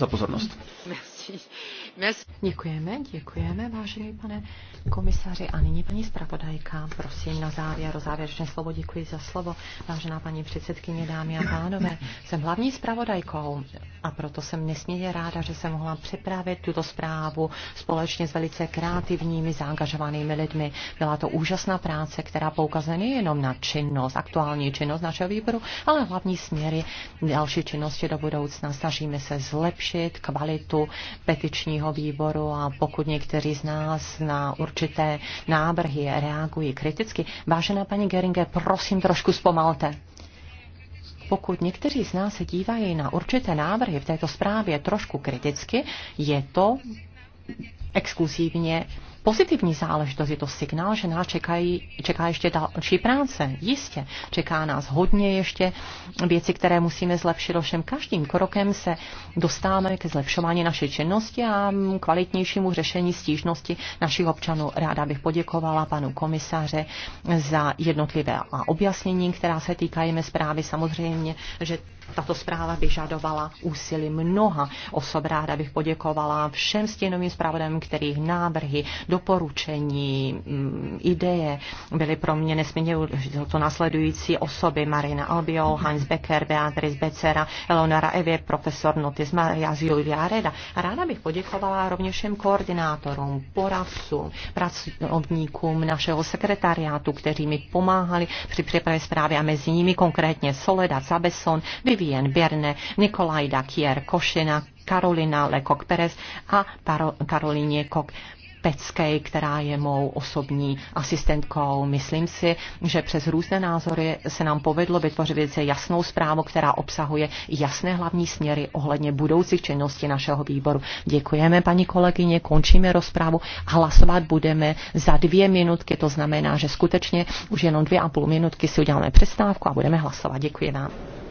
za pozornost. Děkujeme, děkujeme, vážený pane komisaři. A nyní paní zpravodajka, prosím na závěr, závěrečné slovo, děkuji za slovo. Vážená paní předsedkyně, dámy a pánové, jsem hlavní zpravodajkou a proto jsem nesmírně ráda, že jsem mohla připravit tuto zprávu společně s velice kreativními, zaangažovanými lidmi. Byla to úžasná práce, která poukazuje nejenom na činnost, aktuální činnost našeho výboru, ale hlavní směry další činnosti do budoucna. Snažíme se zlepšit kvalitu petičního výboru a pokud někteří z nás na určité návrhy reagují kriticky, vážená paní Geringe, prosím trošku zpomalte. Pokud někteří z nás se dívají na určité návrhy v této zprávě trošku kriticky, je to exkluzivně pozitivní záležitost, je to signál, že nás čekají, čeká ještě další práce. Jistě, čeká nás hodně ještě věci, které musíme zlepšit, ovšem každým krokem se dostáváme ke zlepšování naší činnosti a kvalitnějšímu řešení stížnosti našich občanů. Ráda bych poděkovala panu komisaře za jednotlivé a objasnění, která se týkají mé zprávy. Samozřejmě, že tato zpráva vyžadovala úsilí mnoha osob. Ráda bych poděkovala všem stěnovým zpravodajům, kterých návrhy doporučení, mm, ideje byly pro mě nesmírně to následující osoby Marina Albiol, Heinz Becker, Beatrice Becera, Eleonora Evě, profesor Notis Maria Julia Reda. Ráda bych poděkovala rovněž všem koordinátorům, poradcům, pracovníkům našeho sekretariátu, kteří mi pomáhali při přípravě zprávy a mezi nimi konkrétně Soleda Zabeson, Vivien Berne, Nikolajda Kier, Košina, Karolina Lekok Perez a Paro- Karolině Kok Peckej, která je mou osobní asistentkou. Myslím si, že přes různé názory se nám povedlo vytvořit velice jasnou zprávu, která obsahuje jasné hlavní směry ohledně budoucích činností našeho výboru. Děkujeme, paní kolegyně, končíme rozprávu. Hlasovat budeme za dvě minutky, to znamená, že skutečně už jenom dvě a půl minutky si uděláme přestávku a budeme hlasovat. Děkuji vám.